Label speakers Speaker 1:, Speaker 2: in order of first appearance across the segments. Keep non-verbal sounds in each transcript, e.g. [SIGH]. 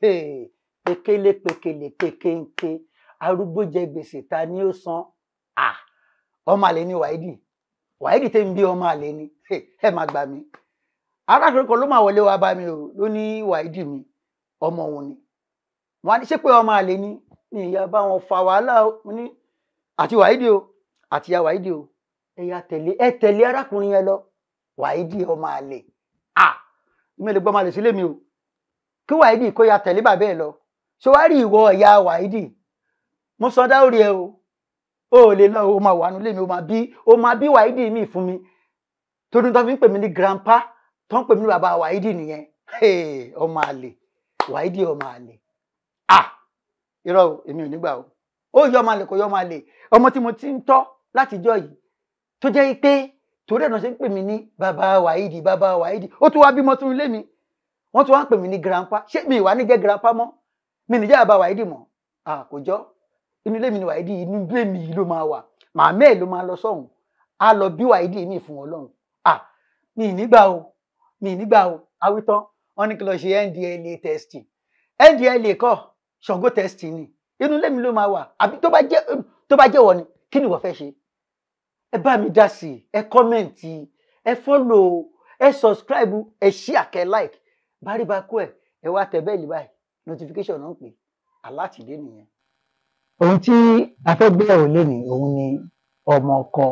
Speaker 1: pekele pekele pekenke arúgbó jẹ gbèsè ta ni ó san ọmọ àlè ni wàídì wàídì tẹ́ ń bí ọmọ àlè ni ẹ má gbà mí arákùnrin kan ló máa wọlé wá bá mi o ló ní wàídì mi ọmọ òun ni wọn á ní ṣé pé ọmọ àlè ni ní ìyá bá wọn fa wàhálà ní àti wàídì o àti ìyá wàídì o ẹ̀yà tẹ̀lé ẹ tẹ̀lé arákùnrin yẹn lọ wàídì ọmọ àlè ah mi ò lè sílé mi o kí wàhídì kó ya tẹ̀lé bàbá ẹ̀ lọ ṣé wàá rí ìwọ ìyá wàhídì mo sọ dáwọ́rì ẹ o ó lè lọ o máa wà nù lèmi o máa bí o máa bí wàhídì mi fún mi torí tó fi ń pè mí ní grandpa tó ń pè mí ní bàbá wàhídì nìyẹn ọmọ àlè wàhídì ọmọ àlè ah irọ́ èmi ò nígbà o ó yọ ọmọ àlè kò yọ ọmọ àlè ọmọ tí mo ti ń tọ́ látijọ́ yìí tó jẹ́ pé torí ẹ̀ náà ṣe ń pè mí ní bàbá wàhídì bàbá wàhídì ó tún wá bímọ tún lé mi wọ́n tún wá ń pè mí ní grandpa ṣé mi ìwà ni jẹ́ grandpa mọ́ mi nìjẹ́ àbá wàídì mọ́ àkójọ inú ilé mi ni wàídì inú ilé mi ló máa wà màmá ẹ̀ ló máa lọ sọ́hùn á lọ bí wàídì mi fún ọlọ́run à mi nígbà o mi nígbà o awítán wọ́n ní kí lọ ṣe ndla testing ndla kọ́ ṣọ̀gó testing ni inú ilé mi ló máa wà àbí tó bá jẹ́ tó bá jẹ́ wọ ni kí ni wọ́n fẹ́ ṣe ẹ bá mi dá sí ẹ kọ́mẹ̀ntì ẹ fọ́lò ẹ sọ̀scribe ẹ ṣí àkẹ́ like báríba kú ẹ̀ ẹ wá tẹ bẹ́ẹ̀lì báyìí notification náà ń pè alátìdé nìyẹn. ohun tí a fẹ́ òun ni ọmọ ọkọ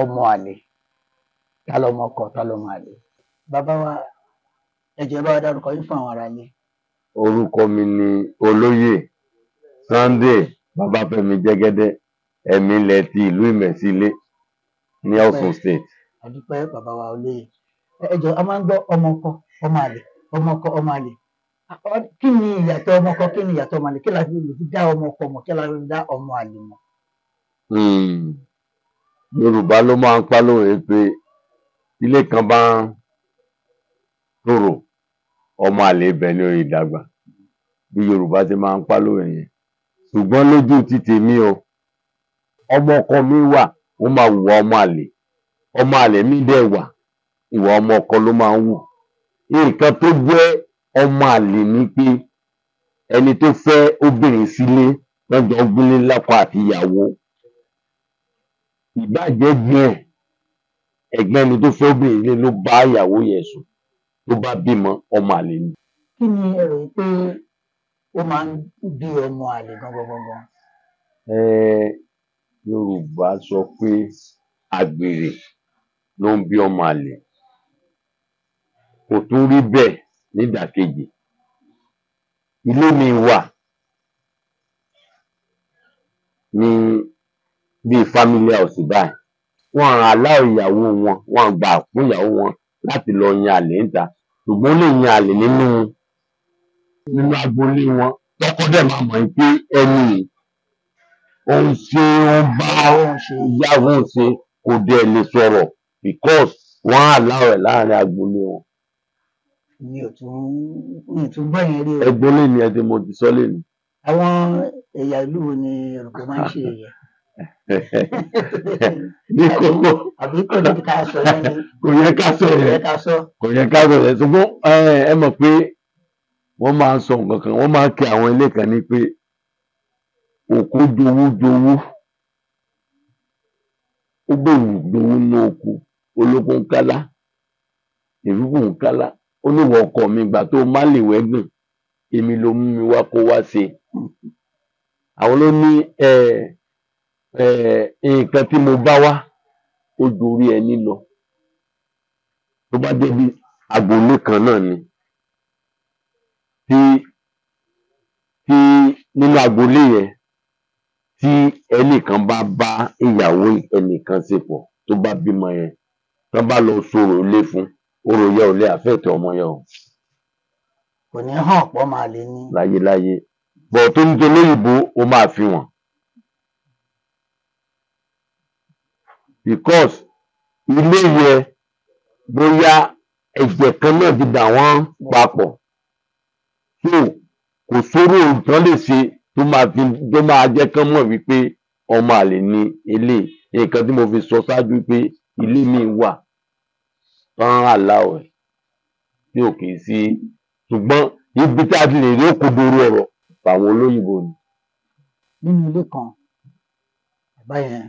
Speaker 1: ọmọ àlè ta lọmọ ọkọ ta lọmọ àlè bàbá wa ẹ jẹ́ bá wa dárúkọ yín fún àwọn ará yín.
Speaker 2: orúkọ mi ni olóyè Sunday Babafẹ́mi Jẹ́gẹ́dẹ́ ẹ̀mí ilẹ̀ ti ìlú Ìmẹ̀sílé ní Ọ̀ṣun state.
Speaker 1: àdúpẹ́ bàbá wa olóyè ẹ jọ a máa ń gbọ́ ọmọ ọkọ ọmọ àlè ọmọkọ ọmọ àlè kí ni ìyàtọ̀ ọmọkọ kí ni ìyàtọ̀ ọmọ àlè kí la fi lè fi dá ọmọkọ mọ̀ kí la fi dá ọmọ àlè mọ̀.
Speaker 2: Hmm. yorùbá ló máa ń pa lóhùn yìí pé ilé kan bá ń tòrò ọmọ àlè ibẹ̀ ni ó ìdàgbà bí yorùbá ti máa ń pa lóhùn yẹn ṣùgbọ́n lójú ti tèmi o ọmọ ọkọ mi wà ó máa wùwà ọmọ àlè ọmọ àlè mi dẹ̀ wà ìwà ọmọ ọkọ ló máa ń wù nǹkan tó jẹ́ ọmọ àlè ni pé ẹni tó fẹ́ obìnrin sílé wọ́n jọ ń gbélé lọ́kọ àtìyàwó ìbáàjẹ́ ẹ̀gbọ́n ẹ̀ ẹ̀gbọ́n ẹni tó fẹ́ obìnrin sílé ló bá ìyàwó yẹn sùn ló bá bímọ ọmọ àlè ni.
Speaker 1: kí ni ẹ rò pé ó máa ń bí ọmọ àlè gangan gangan.
Speaker 2: Yorùbá sọ pé àgbèrè ló ń bí ọmọ àlè kò tún rí bẹ́ẹ̀ nídàkejì ilé mi wà ní bíi family house báyìí wọn allow ìyàwó wọn wọn gbà fún ìyàwó wọn láti lọ yan àlè níta ṣùgbọ́n ó lè yan àlè nínú nínú agboolé wọn tọkọ dẹ̀ máa mọ̀ pé ẹni ò ń ṣe ó ń bá ó ń ṣe ìyá ó ń ṣe kò dẹ̀ lè sọ̀rọ̀ because wọ́n allow ẹ̀ láàrin agboolé wọn
Speaker 1: mi ò tún mi ò tún gbọ́ yẹn rí o. ẹgbọ́n lè
Speaker 2: ní ẹdín ti sọ lè ní.
Speaker 1: àwọn ẹ̀yà ìlú wo ni olùkọ́ máa ń ṣe
Speaker 2: ẹ̀yà. [LAUGHS] ní kókó àbí kò ní ká sọ yẹn ni. [LAUGHS] kò yẹ ká sọ yẹn kò yẹ ká sọ yẹn ṣùgbọ́n ẹ mọ̀ pé wọ́n máa ń sọ nǹkan kan wọ́n máa ń kí àwọn ilé kan ní pé òkú jowú jowú ó gbòòrò gbòòrò nínú oko olóko kálá ìrúkù kálá ó ní ìwọ ọkọ mi ìgbà tó má lè wẹ́gùn èmi ló mú mi wá kó wá ṣe àwọn ló ní nǹkan tí mo bá wá ó dorí ẹni lọ tó bá débi agboolé kan náà ni tí tí nínú agboolé yẹn tí ẹnìkan bá bá ìyàwó ẹnìkan ṣepọ̀ tó bá bímọ yẹn tán bá lọ sọ̀rọ̀ ilé fún un orò yẹ ò lè àfẹ́ẹ̀tì ọmọ yẹ o.
Speaker 1: kò ní hàn pọ́ máa lè ní.
Speaker 2: láyéláyé bọ̀ tó ń dolóyìnbó ó máa fi wọ̀n. because ilé yẹ bóyá ẹ̀jẹ̀ kan náà ti dà wọ́n papọ̀ so kò sóró nǹkan lè ṣe tó máa fi tó máa jẹ́ kán mọ̀ wípé ọmọ àlè ni ilé nǹkan tí mo fi sọ ṣáájú pé ilé mi wà fún aláwẹ tí ò kì í sí ṣùgbọ́n ibi tá a ti lè rí òkodoro ọ̀rọ̀ fáwọn olóyìnbó ni.
Speaker 1: nínú ilé kan bàbá yẹn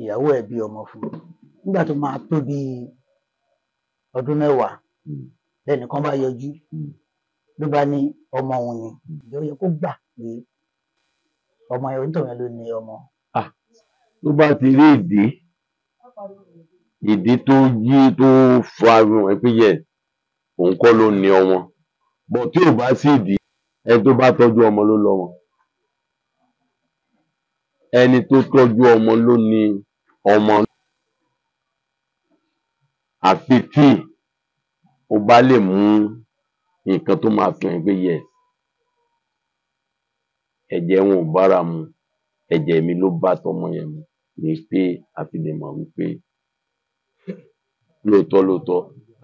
Speaker 1: ìyàwó ẹ̀ bí ọmọ fún un nígbà tó máa tó bí ọdún mẹ́wàá lẹ́nìkan bá yọjú ló bá ní ọmọ òun ni ìjọ yẹ kó gbà pé ọmọ yẹn onítọ̀hún ló ní ọmọ.
Speaker 2: Ah, tó bá ti rí èdè ìdí tó yí tó fa ẹ pé yẹ òun kọ́ ló ní ọmọ bọ tí ò bá sí ìdí ẹni tó bá tọ́jú ọmọ ló lọ́mọ ẹni tó tọ́jú ọmọ ló ní ọmọ àfi tí o bá lè mú nǹkan tó máa fi hàn pé yẹ ẹ̀jẹ̀ wọn ò bára mu ẹ̀jẹ̀ mi ló bá tọmọ yẹn mu ni pé a fi lè mọ̀ wípé lóòótọ́ lóòótọ́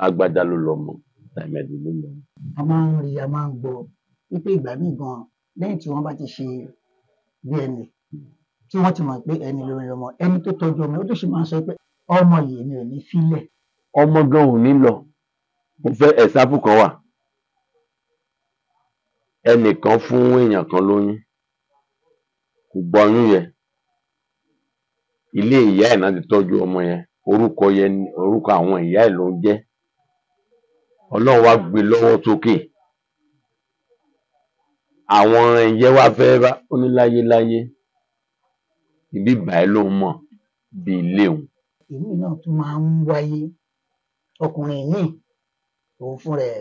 Speaker 2: agbájá ló lọ mọ tàìmẹdì ló lọ.
Speaker 1: a máa ń rí a máa ń gbọ́ wípé ìgbà míì gan lẹ́yìn tí wọ́n bá ti ṣe DNA tí wọ́n ti mọ̀ pé ẹni lórí ọmọ ẹni tó tọ́jú ọmọ ó tó sì máa ń sọ pé ọmọ yìí mi ò ní fílẹ̀.
Speaker 2: ọmọ gan ò ní lọ mo fẹ́ ẹ̀sáfù kan wà ẹnìkan fún èèyàn kan lóyún kò gbọ́yún yẹn ilé ìyá ẹ̀ náà ti tọ́jú ọmọ yẹn orúkọ yẹn orúkọ àwọn ìyá ẹ̀ ló ń jẹ́ ọlọ́run wá gbé lọ́wọ́ sókè àwọn ìyẹn wá fẹ́ bá ó ní láyéláyé ibi báyìí lòun mọ̀ bí ilé òun.
Speaker 1: èmi náà tún máa ń wáyé ọkùnrin míì òun fún rẹ̀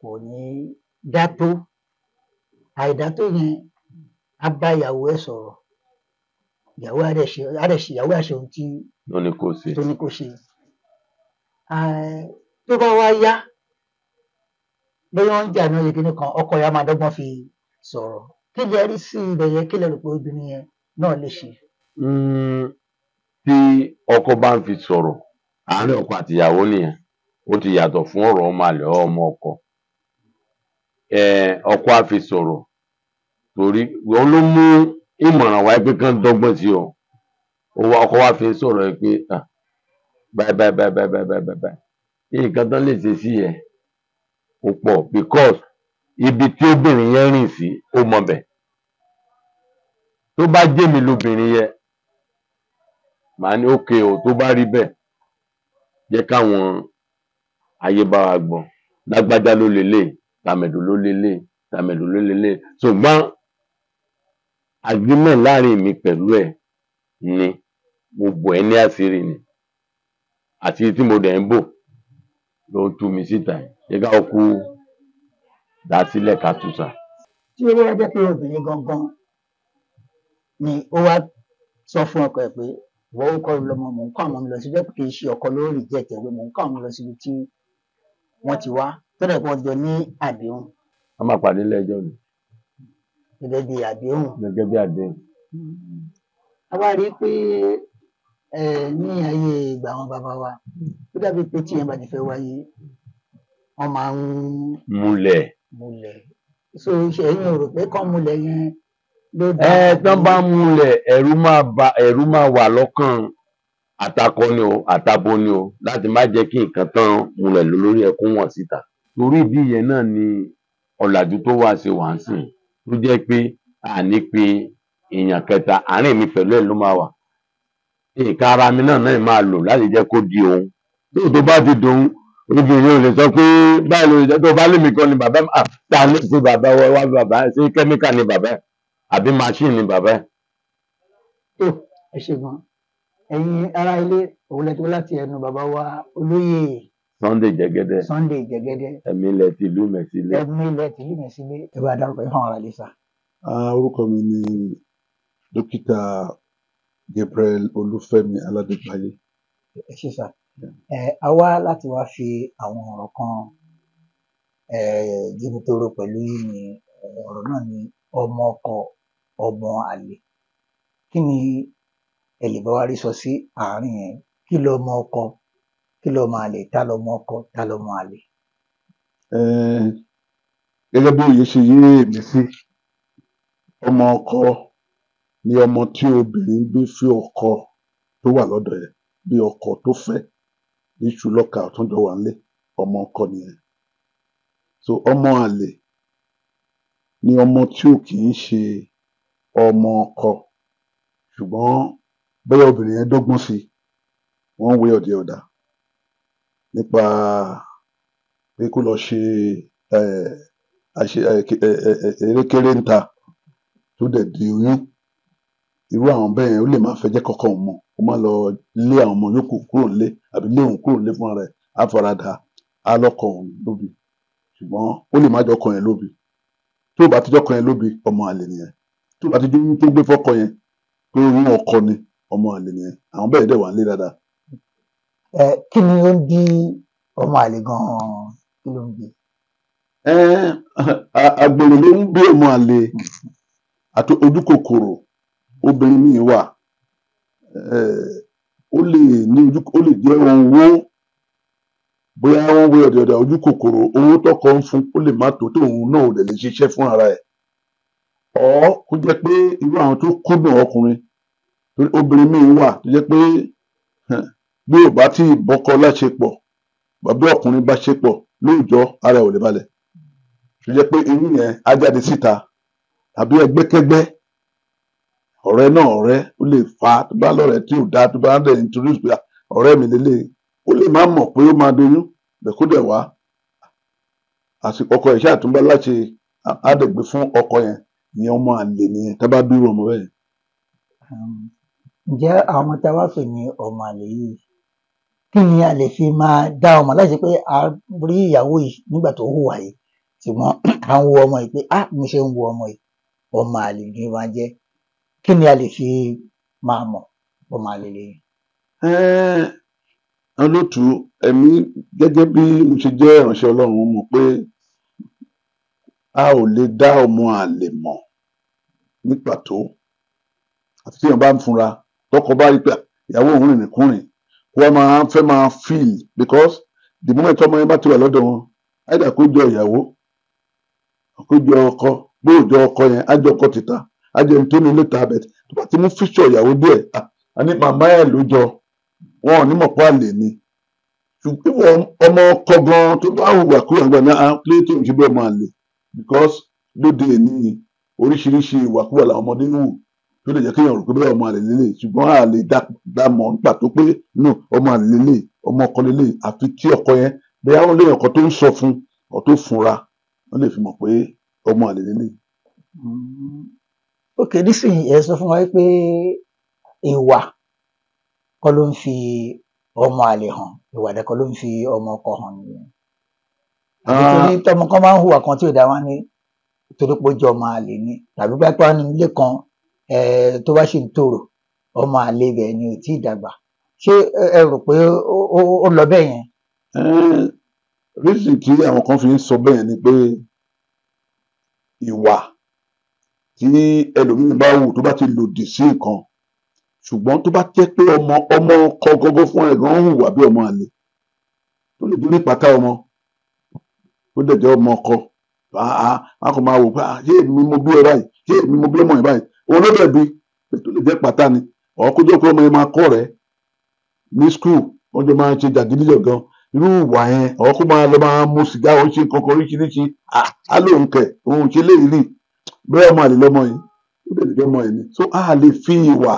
Speaker 1: kò ní dátó àìdátó yẹn á bá ìyàwó ẹ̀ sọ̀rọ̀ ìyàwó á ìyàwó á ṣe ohun
Speaker 2: ló ní kó ṣe.
Speaker 1: ló tó bá wá yá bóyá wọ́n ń jà ní oyè kìíní kan ọkọ ìyá máa dọ́gbọ́n fi sọ̀rọ̀ kí lè rí sí ibẹ̀ yẹn kí lè rò pé obìnrin yẹn náà lè ṣe.
Speaker 2: Hmm, tí ọkọ bá ń fi sọ̀rọ̀ àárín ọkọ àtìyàwó nìyẹn ó ti yàtọ̀ fún ọ̀rọ̀ ọmọ àlè ọmọ ọkọ ọkọ á fi sọ̀rọ̀ torí òun ló mú ìmọ̀ràn wáyé pé kán dọ́gbọ́n sí ọ owó ọkọ wa fi sọ̀rọ̀ ẹ pé báyìí báyìí báyìí báyìí báyìí báyìí nǹkan tán lè ṣe sí yẹn ó pọ̀ because ibi tí obìnrin yẹn rìn sí ó mọ bẹ̀ tó bá jẹ́ mi lóbìnrin yẹn màá ní òkè o tó bá rí bẹ́ẹ̀ jẹ́ káwọn ayé bá wa gbọ́n lágbájá ló lélẹ̀ tàmẹ̀dù ló lélẹ̀ tàmẹ̀dù ló lélẹ̀ ṣùgbọ́n agreement láàrin mi pẹ̀lú ẹ̀ ni mo bò ẹ́ ní àṣírí ni àṣírí tí mo dẹ̀ ń bò ló ń tú mi síta yìí ká kú dá sílẹ̀ ká tú sà.
Speaker 1: tí ó wá jẹ́ pé obìnrin gangan ni ó wá sọ fún ọkọ ẹ̀ pé ìwọ ń kọ́ ọ lọ́mọ mò ń kọ́ àwọn ọmọ lọ síbi kì í ṣe ọkọ lórí jẹ́ tẹ̀wé mò ń kọ́ àwọn lọ síbi tí wọ́n ti wá tọ́lẹ̀ kan jọ ní àdéhùn.
Speaker 2: a máa pàdé lẹ́jọ́ ni.
Speaker 1: gẹ́gẹ́ bí àdéhùn.
Speaker 2: gẹ́gẹ́ bí àdéhùn.
Speaker 1: a wá rí i pé ní ayé ìgbà àwọn bàbá wa ó dàbí pé tí èèyàn bá ti fẹ́ wáyé wọ́n máa ń. múlẹ̀. múlẹ̀ so ṣẹ̀yìn ò rò pé kán múlẹ̀ yẹn
Speaker 2: ló dá. ẹ tán bá múlẹ̀ ẹ̀rù máa ba ẹ̀rù máa wà lọ́kàn àtakọ ni o àtabo ni o láti má jẹ́ kí nǹkan tán múlẹ̀ lórí ẹkún wọn síta torí ìdí yẹn náà ni ọ̀làjú tó wá ṣe wà ń sìn tó jẹ́ pé àní pé èèyàn kẹta àárín mi pẹ̀lú ẹ̀ ló máa wà nǹkan ara mi náà náà máa lò láti jẹ́ kó di òun lóò tó bá ti dùn obìnrin ò lè sọ pé báyìí ló jẹ́ tó bá lèmi kan ni bàbá mi ta ló ṣe bàbá wá bàbá ṣe kẹ́míkà ni bàbá àbí machine ni bàbá.
Speaker 1: ẹ ṣe gan ẹ̀yin ará ilé òun lẹ láti ẹnu bàbá wa olóyè
Speaker 2: Sunday Jẹgẹdẹ
Speaker 1: Sunday Jẹgẹdẹ
Speaker 2: ẹ̀mí ilẹ̀ tìlú mẹ̀sílẹ̀ ẹ̀mí
Speaker 1: ilẹ̀ tìlú mẹ̀sílẹ̀ ẹ bá dárúkọ ẹ hàn ara lè sà.
Speaker 2: orúkọ mi ni dókítà
Speaker 3: Gabriel Olúfẹ́mi Aládébáyé.
Speaker 1: ẹ ṣe sá a wá láti wá fi àwọn ọ̀rọ̀ kan jíbi tó rọ pẹ̀lú yìí ni ọ̀rọ̀ náà ni ọmọ ọkọ ọmọ àlè kí ni ẹ lè sọ sí àárín yẹn kí lọmọ ọkọ kí lọmọ àlè ta lọmọ ọkọ ta lọmọ àlè.
Speaker 3: gẹ́gẹ́ bí òye ṣe yé èmi sí ọmọ ọkọ ni ọmọ tí obìnrin bí fi ọkọ tó wà lọ́dọ̀ ẹ̀ bí ọkọ tó fẹ́ ní ṣùlọ́ka àtúndọ̀ wà nílé ọmọ ọkọ nìyẹn so ọmọ àlè ni ọmọ tí ò kì í ṣe ọmọ ọkọ ṣùgbọ́n bẹ́ẹ̀ obìnrin yẹn dọ́gbọ́n sí wọ́n wé ọ̀dẹ̀ ọ̀dà nípa pé kó lọ ṣe erékeré ń tó dẹ̀ di oyún irú àwọn bẹ́ẹ̀ yẹn ó lè má fẹ́ jẹ́ kọ́kọ́ òun mọ̀ ó má lọ lé àwọn ọmọ yòókù kúrò lé àbí lé òun kúrò lé fúnra rẹ̀ á farada á lọ́kọ̀ òun lóbi ṣùgbọ́n ó lè má jọkọ̀ yẹn lóbi tó o bá ti jọkọ̀ yẹn lóbi ọmọ àlè nìyẹn tó o bá ti dúró tó gbé fọ́kọ yẹn pé òun ọkọ ni ọmọ àlè nìyẹn àwọn bẹ́ẹ̀ dẹ̀ wà nílé dáadáa.
Speaker 1: ẹ kí ni ó ń bí ọmọ àlè gan-an kí ló ń bí.
Speaker 3: ẹ agbèrè ló ń bí ọmọ àlè àti ojúkòkòrò obìnrin míì wà ó lè ní ojú ó lè jẹ́ owó bóyá wọ́n wé ọ̀dẹ̀ ọ̀dẹ̀ ojú kòkòrò owó tọkọ ń fún ó lè má tó tóun náà ò lè lè ṣiṣẹ́ fún ara ẹ̀ ọ̀ kó jẹ́ pé irú àwọn tó kúndùn ọkùnrin obìnrin míì wà tó jẹ́ pé bí ò bá tí ì bọ́kọ láṣepọ̀ bàbá ọkùnrin bá ṣepọ̀ lóòjọ́ ara ẹ̀ ò lè balẹ̀ tó jẹ́ pé irú yẹn á jáde síta tàbí ẹgbẹ́kẹ́gbẹ́ ọ̀rẹ́ náà ọ̀rẹ́ ó lè fa tó bá lọ́rẹ̀ẹ́ tí ò dá tó bá dẹ̀ introduce pé ọ̀rẹ́ mi lélẹ̀ e. ó lè má mọ̀ pé ó máa doyún bẹ̀kú dẹ̀ wá àsìkò ọkọ ìṣe àtúnbá láti àdẹ̀gbẹ́ fún ọkọ yẹn ìyẹn ọmọ àlè nìyẹn tá bá bí ọmọ bẹ́ẹ̀. Um,
Speaker 1: ǹjẹ́ àwọn tá a wá pè ní ọmọ àlè yìí kí ni a lè fi máa dá ọmọ láti pé a rí ìyàwó yìí nígbà tó hùwà yìí ṣùgbọ́n à ń wo ọmọ yìí pé a mo ṣe ń wo ọmọ yìí ọmọ àlè ni máa jẹ́ kí ni a lè fi máa mọ̀ bó máa lè léyìn.
Speaker 3: olótú ẹ̀mí gẹ́gẹ́ bí mo ṣe jẹ́ ìránṣẹ́ ọlọ́run mọ̀ pé a ò lè dá ọmọ àlè mọ̀ ní pàtó àti tí èèyàn bá ń funra tọkọ bá rí pé ìyàwó òun rìn nìkúrìn wọn máa fẹ́ máa feel because the moment ọmọ yẹn bá ti wà lọ́dọ̀ wọn àìdá kó jọ ìyàwó kó jọ ọkọ gbóòjọ ọkọ yẹn á jọ ọkọ títà ajẹ́ ní tó ní ilé tabet tó bá ti mú fíṣọ̀ ìyàwó dé ẹ̀ àní màmá ẹ̀ ló jọ wọn ò ní mọ̀ pé àlè ni ṣùgbọ́n ọmọ ọkọ gan tó bá hùwà kúrò àgbà ní àpilẹ̀ tó ń ṣe bẹ́ẹ̀ máa lè because lóde èní oríṣiríṣi ìwàkúwà làwọn ọmọdé ń wù tó lè jẹ́ kéèyàn rò pé bẹ́ẹ̀ ọmọ àlè lélẹ̀ ṣùgbọ́n àlè dàmọ̀ nípa tó pé no ọmọ àlè lélẹ̀ ọmọ ọkọ lélẹ̀ àfi tí ọkọ yẹn bẹ́ẹ̀ àwọn olóyìn ọkọ tó ń sọ fún ọ tó funra wọ́n lè fi mọ̀ pé ọmọ àlè lélẹ̀.
Speaker 1: Hmm ok nísìnyí ẹ sọ fún wa pé ìwà kọ́ ló ń fi ọmọ àlè hàn ìwà dẹ́kọ́ ló ń fi ọmọ ọkọ hàn nìyẹn nítorí ah. tọmọ kan máa ń hùwà kan tí ò dá wá ní torí pé ó jẹ́ ọmọ àlè ni tàbí pé wá ní ilé kan tó bá ṣì ń tòrò ọmọ àlè rẹ̀ ni ò tí ì dàgbà ṣé ẹ rò pé ó lọ bẹ́ẹ̀ yẹn.
Speaker 3: rísì àwọn kan fi ń sọ bẹ́ẹ̀ ni pé ìwà tí ẹlòmíì bá wù tó bá ti lòdì sí nǹkan ṣùgbọ́n tó bá jẹ́ pé ọmọ ọmọ kọ gọ́gọ́ fún ẹ gan ń hùwà bí ọmọ àlè tó lè dúró pàtà ọmọ ó dẹ̀ jẹ́ ọmọ ọkọ a kò máa wò pé ṣé èmi mo bí ẹ báyìí ṣé èmi mo bí ọmọ ẹ báyìí òun ló dẹ̀ bí tó lè jẹ́ pàtà ni ọkọ́jọ́ pé ọmọ yẹn máa kọ́ rẹ̀ ní skul wọ́n jọ máa ń ṣe jàgídíjọ gan irú ìwà yẹn ọkọ́ máa lọ máa mu sìgá ó ṣe oríṣiríṣi á lóun kẹ̀ òun ṣe léyìí bóyá ọmọ àlè lọmọ yìí ó lè lè lọmọ yìí ni so a lè fi ìwà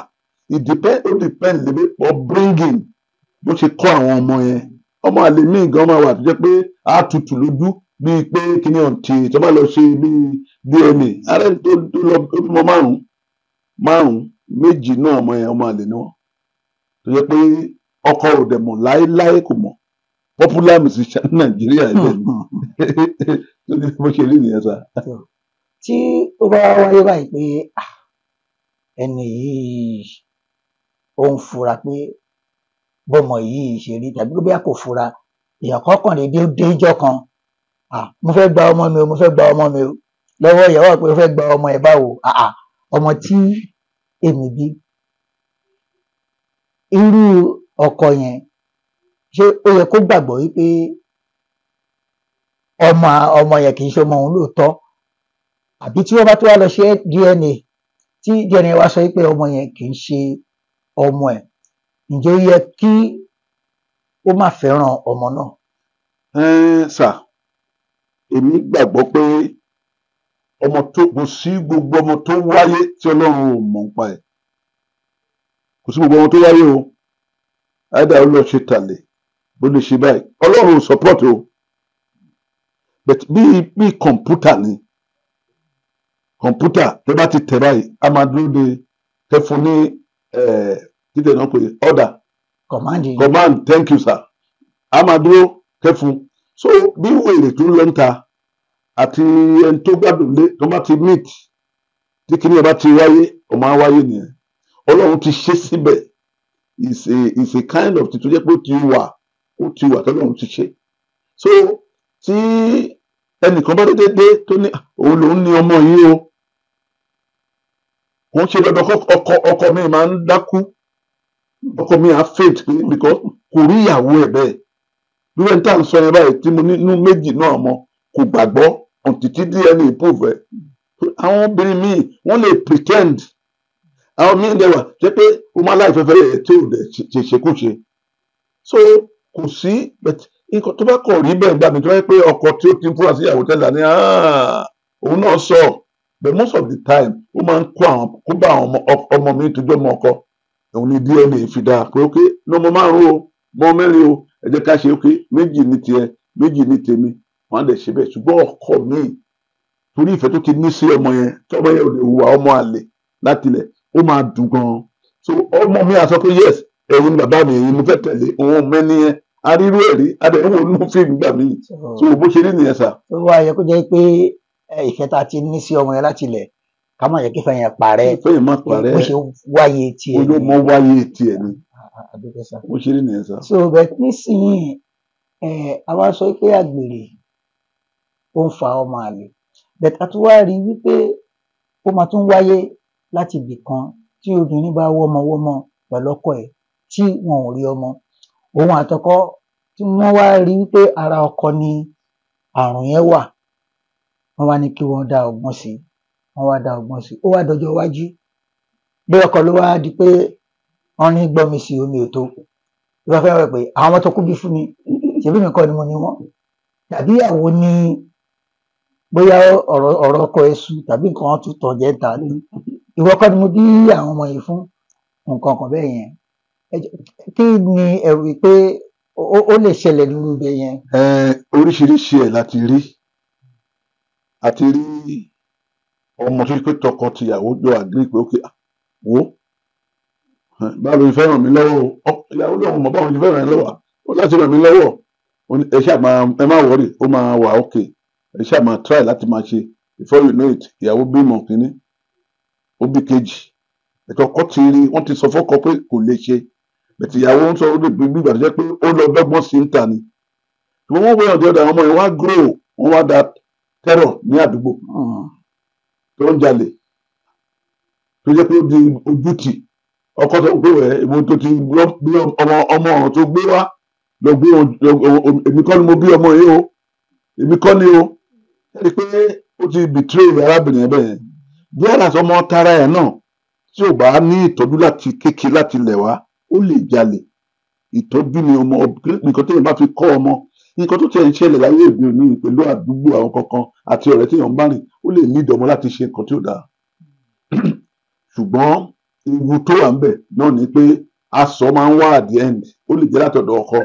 Speaker 3: it depend ó depend lè bọ bringing bó ṣe kọ́ àwọn ọmọ yẹn ọmọ àlè míì gan máa wà tó jẹ́ pé a tutù lójú bíi pé kíni ọ̀ǹtì tó bá lọ ṣe bíi dna ààrẹ tó lọ bímọ márùn márùn méjì náà ọmọ yẹn ọmọ àlè ni wọn tó jẹ́ pé ọkọ ò dẹ̀ mọ̀ láéláé kò mọ̀ popular musician [LAUGHS] nàìjíríà ẹ̀ bẹ́ẹ̀ [LAUGHS] ni mo ṣe rí nìyẹn sá
Speaker 1: tí ó bá wáyé
Speaker 3: báyìí pé ẹni yìí
Speaker 1: ó ń fura pé bọ́mọ yìí ṣe rí tàbí pé bóyá kò fura èèyàn kọ́kàn lè dé déjọ́ kan mo fẹ́ gba ọmọ mi o mo fẹ́ gba ọmọ mi o lọ́wọ́ ìyàwó pé mo fẹ́ gba ọmọ ẹ̀ báwo ọmọ tí èmi bí irú ọkọ yẹn ṣé ó yẹ kó gbàgbọ́ wípé ọmọ ọmọ yẹn kì í ṣe ọmọ òun lóòótọ́ àbí tí wọ́n bá tó wá lọ ṣe DNA tí DNA wa sọ pé ọmọ yẹn kì í ṣe ọmọ ẹ̀ ǹjẹ́ ó yẹ kí ó má fẹ́ràn ọmọ náà.
Speaker 3: sà èmi gbàgbọ́ pé ọmọ tó kò sí gbogbo ọmọ tó wáyé tí ọlọ́run ò mọ̀ nípa ẹ̀ kò sí gbogbo ọmọ tó wáyé o àìdá lọ ṣe tàlè bó lè ṣe báyìí ọlọ́run ò support o but bíi bíi kọ̀ǹpútà ni kọ̀ǹpútà tẹ́ bá ti tẹ̀ báyìí a máa dúró de tẹ́ fún ní títẹ̀ náà pé order command command thank you sir a máa dúró tẹ́ fún so bí wèrè tó ń lọ ń ta àti ẹni tó gbádùn lé tó bá ti meet tí kìíní ẹ bá ti wáyé ó máa wáyé nìyẹn ọlọ́run ti ṣe síbẹ̀ is a is a kind of titun jẹ́ pé ó ti wà ó ti wà tọ́lọ́run ti ṣe so tí ẹnìkan bá dédé dé tó ní òun lòún ní ọmọ yìí o wọ́n ṣe dandan ọkọ ọkọ mi máa ń dákú ọkọ mi á faint because kò rí ìyàwó ẹ̀ bẹ́ẹ̀ lórí ẹni tá à ń sọ yẹn báyìí tí mo nínú méjì náà mọ kò gbàgbọ́ títí dna prove ẹ̀ àwọn obìnrin míì wọ́n lè pretend àwọn míì dẹwà jẹ́ pé o máa láì fẹ́fẹ́ rẹ̀ tí ò dẹ̀ ṣe ṣekúṣe so kò sí nǹkan tó bá kọ̀ rí bẹ́ẹ̀ gbà mí tó bá yẹ pé ọkọ tí ó ti ń fura sí ìyàwó tẹ́lẹ̀ ní ah, òun náà sọ ọ́ but most of the time ó máa ń kó àwọn kó bá àwọn ọmọ mi tó jẹ́ ọmọ ọkọ òun ni DNA fi dáa pé ok ní ọmọ márùn o mọ mẹ́rin o ẹ jẹ́ ká ṣe ok méjì ní tiẹ̀ méjì ní tèmi wọn á dẹ̀ ṣe bẹ́ẹ̀ ṣùgbọ́n ọkọ mi torí ìfẹ́ tó ti ní sí ọmọ yẹn tí ọmọ yẹn ò lè hùwà ọmọ àlè látilẹ̀ ó máa dùn gan-an so ọmọ mi á sọ pé yes ẹ̀rù ni bàbá mi èyí mo fẹ́ tẹ̀lé òun mẹ́ni yẹn arírú ẹ̀rí adẹ̀wò nínú fíìmù gbà mí so bó ṣe rí nìyẹn sà.
Speaker 1: ó wá yẹ kó jẹ́ pé ìfẹ́ tá a ti ní sí ọmọ yẹn láti lẹ̀ ká má yẹ kí ìfẹ́ yẹn parẹ́ ìfẹ́ yẹn má parẹ́ bó ṣe wáyé tiẹ̀ ni olómọ wáyé
Speaker 3: tiẹ̀ ni bó ṣe rí nìyẹn sá.
Speaker 1: so bẹ́ẹ̀ nísìnyí ẹ a máa sọ pé àgbèrè ó ń fa ọmọ àlè bẹ́ẹ̀ a tún wá rí wípé ó máa tún wáyé láti ibì kan tí obìnrin bá wọ́mọ wọ́mọ pẹ̀lú ọkọ ẹ̀ tí wọn ò rí ọmọ òun àtọkọ tí wọ́n wá rí wípé ara ọkọ ni àrùn yẹn wà wọ́n wá ní kí wọ́n dá ọgbọ́n sí wọ́n wá dá ọgbọ́n sí ó wá dọjọ́ iwájú bí ọkọ̀ ló wá di pé wọ́n ní gbọ́mi sí omi ò tó ló pé àwọn ọmọ tó kú bí fún mi ṣèbí mi kọ́ ni mo ní wọ́n tàbí ìyàwó ní bóyá ọ̀rọ̀ ọ̀rọ̀ ọkọ ẹ̀sùn tàbí nǹkan wọn tún tàn jẹ́ ta ní ìwọ kọ́ ni mo bí àwọn ọmọ yìí fún nǹkan kan bẹ́ẹ̀ yẹn kí ni ẹ̀rù pé ó lè ṣẹlẹ̀ nínú ibẹ̀ yẹn.
Speaker 3: oríṣiríṣi ẹ̀ láti rí àti rí ọmọ tó pé tọkọtìyàwó jọ àgírí pé ókè ah, wo eh, báwo ni fẹ́ràn mi lọ́wọ́ ìyàwó lọ́wọ́ mọ̀ báwo ni fẹ́ràn mi lọ́wọ́ ó láti ràn mí lọ́wọ́ ẹ ṣáà máa ẹ má wọrí ó máa wà ókè ẹ ṣáà máa try láti máa ṣe before you know it ìyàwó bímọ kínní ó bí kejì ẹ̀tọ́ ọkọ ti rí wọ́n ti sọ fọ́kọ pé kò lè ṣe bẹ̀tì ìyàwó ń sọ ó lè bí gbàdúrà pé ó lọ bẹ́gbọ́n sí ń ta ni ṣùgbọ́n wọ́n wẹ̀ ọ̀dẹ̀ ọ̀dà àwọn ọmọ yẹn wá grow wọ́n wá da tẹ́rọ̀ ní àdúgbò tó ń jalè tó jẹ́ pé ó di ojútì ọkọ tó gbé rẹ̀ èwo tó ti gbé ọmọ ọmọ ọ̀ràn tó gbé wá lọ gbé èmi kọ́ ni mo bí ọmọ yìí o èmi kọ́ ni o ẹni pé ó ti betray arábìnrin ẹ̀ bẹ́ẹ̀ díẹ̀ láti ọmọ tara ẹ̀ náà tí ò bá ní ìtọ́jú láti kékeré láti lẹ̀ wá ó lè jalè ìtọ́jú ni ọmọ nǹkan tó yẹn bá fi kọ́ ọmọ nǹkan tó tẹ̀ ń ṣẹlẹ̀ láyé òde òní pẹ̀lú àdúgbò àwọn kankan àti ọ̀rẹ́ téèyàn bá rìn ó lè ní ìdọ̀mọ́ láti ṣe nǹkan tí ó dáa [CLEARS THROAT] ṣùgbọ́n ewu tó wà ń bẹ̀ náà ni pé aṣọ máa ń wá at the end ó lè jẹ́ látọ̀dọ̀ ọkọ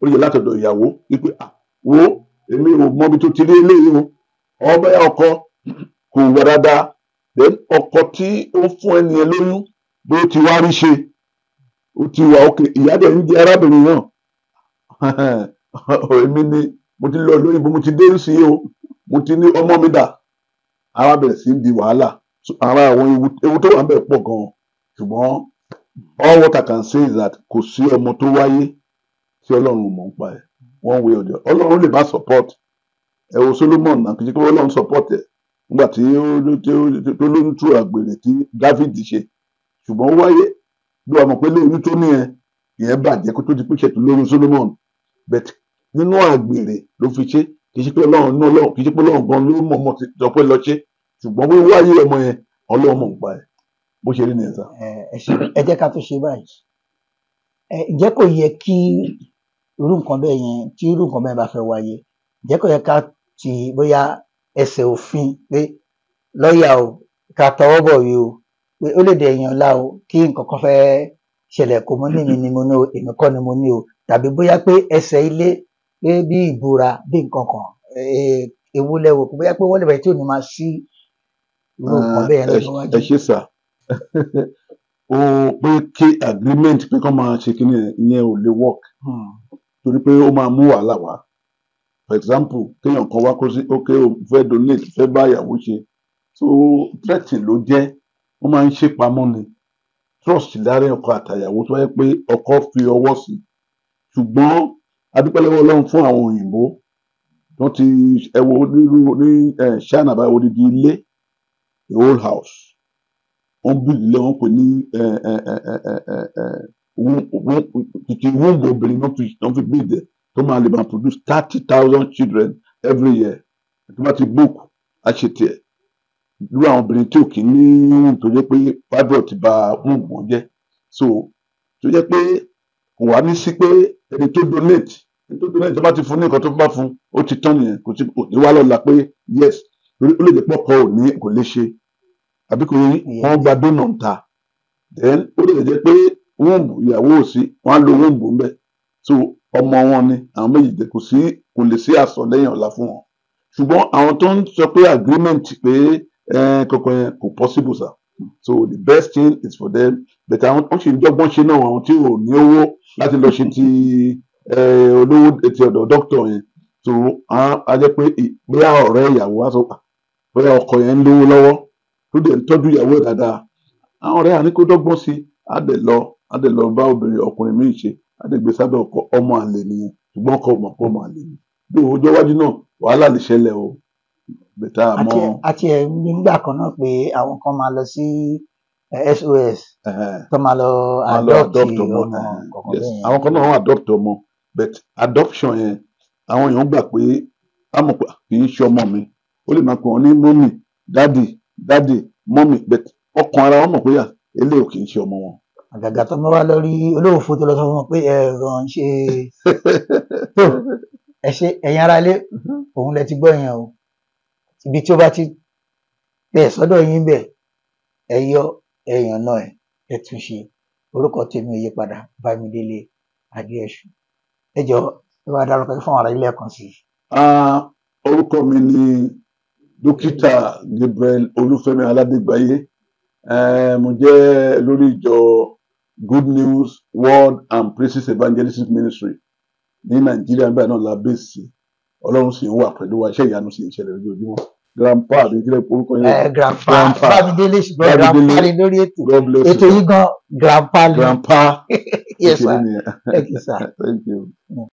Speaker 3: ó lè jẹ́ látọ̀dọ̀ ìyàwó wípé wo èmi ò mọbi tó ti rí eléyìí o ọbẹ̀ ọkọ kò wà dáadáa then ọkọ tí ó fún ẹni ẹ lóyún bó ti wá rí ṣe ó ti wà òkè ìyá dẹ̀ ń jẹ arábìnrin náà [LAUGHS] èmi [LAUGHS] ni mo ti lọ lórí ibo mo ti dé sí o mo ti ní ọmọ mi dà ara bẹ̀rẹ̀ sí di wàhálà ara àwọn ewu tó wà ń bẹ̀ pọ̀ gan-an ṣùgbọ́n all what I can say is that kò sí ọmọ tó wáyé tí ọlọ́run mọ̀ ń pa ẹ̀ one way or the other ọlọ́run lè bá support ẹ wo Solomon náà kìí ṣe pé ọlọ́run support ẹ̀ nígbà tí ó ló ń tú àgbèrè tí David ṣe ṣùgbọ́n ó wáyé bí wàá mọ̀ pé lóyún tó ní ẹ ìyẹn bàjẹ́ kó tó di pé ṣètò lórí Solomon bẹ́ẹ̀ nínú àgbèrè ló fi ṣe kì í ṣe pé ọlọ́run nínú ọlọ́run kì í ṣe pé ọlọ́run gan ló mọ̀ ọmọ ti jọ pé lọ ṣe ṣùgbọ́n wíwá ayé ọmọ yẹn ọlọ́run mọ̀ nípa ẹ̀ bó ṣe rí nìyẹn sá.
Speaker 1: ẹ jẹ́ ká tó ṣe báyìí ǹjẹ́ kò yẹ kí irú nǹkan bẹ́ẹ̀ yẹn tí irú nǹkan bẹ́ẹ̀ bá fẹ́ wáyé ǹjẹ́ kò yẹ ká ti bóyá ẹsẹ̀ òfin pé lọ́ọ̀yà o ká tọwọ́ bọ̀ yìí o pé ó lè dẹ̀ èèyàn lá o kí nǹkan kan fẹ́ ṣẹlẹ̀ kó mo ní mi ni mo ní o èmi kọ́ ni mo ní o tàbí bóyá pé ẹsẹ̀ ilé pé bí ìbúra bí nǹkan kan ewu lẹ́wọ̀ kò bóyá pé wọ́n lè bẹ̀rẹ̀ tí ò ní máa sí
Speaker 3: irú nǹkan bẹ́ẹ̀ lọ́dún wájú. ẹ ṣe sà ó pé kí agreement pé kán máa ṣe kíni ìyẹn ò lè work hmm. torí pé ó máa mú wàhálà wá for example kéèyàn kan wá kó sí ok o fẹ́ donate fẹ́ bá ìyàwó ṣe so threat ló jẹ́ wọ́n máa ń ṣe pamọ́ ni trust láàrin ọkọ àtàyàwó tó wáyé pé ọkọ fi ọwọ́ sí ṣùgbọ́n adúpẹ́ lọ́wọ́ ọlọ́run fún àwọn òyìnbó wọ́n ti ẹwọ onírú ní China báyìí odidi ilé the whole house wọ́n bí ilé wọn pè ní títí wúńdò obìnrin wọ́n fi bí ìdẹ tó máa lè máa produce thirty thousand children every year tó bá ti book àṣetìẹ irú àwọn obìnrin tí ò kí ní wúńdò tó jẹ́ pé fibroid ti ba wúńdò wọn jẹ́ so tó jẹ́ pé kò wá ní sí pé ẹni tó donate nítorí náà ìjọba ti fún ní nǹkan tó bá fún ó ti tán nìyẹn kò ti ní wá lọ́la pé yes lórí ó lè jẹ́ pọ̀ kọ́ ò ní kò lè ṣe àbí kò yẹ wọ́n gba dónà ń ta then ó lè jẹ́ pé wọ́ǹbù ìyàwó ò sí wọ́n á lo wọ́ǹbù ńbẹ̀ so ọmọ wọn ni àwọn méjì kò sí kò lè sí àsọ lẹ́yìn ọ̀la fún wọn ṣùgbọ́n àwọn tó ń sọ pé agreement pé kankan yẹn kò possible sa so the best thing is for them but àwọn ó sì ń dọ́gbọ́n ṣe náà àwọn tí ò ní owó láti lọ ṣe ti olówó ti ọ̀dọ̀ dókítà yẹn tó a jẹ́ pé bóyá ọ̀rẹ́ ìyàwó a sọ bóyá ọkọ yẹn ń lówó lọ́wọ́ tó dẹ̀ ń tọ́jú ìyàwó ẹ̀ dáadáa àwọn ọ̀rẹ́ àní dọ́gbọ́n sí a dẹ̀ lọ a dẹ̀ lọ bá obìnrin ọkùnrin míì ṣe a dẹ̀ gbé sábẹ́ ọkọ ọmọ àlè nìyẹn ṣùgbọ́n ọkọ ọmọ ọmọ àlè ni bí ọjọ́ iwájú náà wàhálà lè ṣẹlẹ̀ o bẹ̀tà mọ́.
Speaker 1: àti ẹ̀ nígbà kan náà pé àwọn kan máa lọ sí SOS tó máa lọ adopt ọmọ kọ̀ọ̀kan bẹ́ẹ̀. àwọn
Speaker 3: kan náà but adoption yẹn àwọn èèyàn gbà pé amọ̀pá kì í ṣe ọmọ mi ó lè máa pè wọ́n ní mọ́mì dáàdì dáàdì mọ́mì but ọkàn ara wọn mọ̀ pé eléyìí ò kì í ṣe ọmọ wọn. àgàgà tó mọ́
Speaker 1: wá lórí olóòfó tó lọ sọ fún wọn pé ẹ̀rọ ń ṣe tó ẹ ṣe ẹ̀yin ara lé mm-hmm. òun lẹ ti gbọ́ yẹn o ibi tí ó bá ti bẹ̀ sọ́dọ̀ yín bẹ̀ ẹ yọ ẹ̀yàn náà ẹ tún ṣe orúkọ tèmi ò yí padà Bámidélé Adéẹ̀sùn ẹ jọ ẹ bá dárúkọ yìí fún ara ilé
Speaker 3: ẹ̀kọ́ sí. orúkọ mi ni dókítà Gabriel Olúfẹ́mi Aládégbáyé mo jẹ́ lórí ìjọ Good News Word and Praises Evangelistic Ministry ní Nàìjíríà nígbà náà la bẹ́ẹ̀sì Ọlọ́run sì ń wà pẹ̀lú wa iṣẹ́ ìyanu sì ń ṣẹlẹ̀ lójoojúmọ́ grandpa àbí kílẹ̀ orúkọ yẹn. ẹ grandpa Bámidélé ṣùgbọ́n grandpa ni lórí ètò ètò yìí gan
Speaker 1: grandpa ni. grandpa [LAUGHS] yes, sir. Thank you, sir. [LAUGHS] Thank you.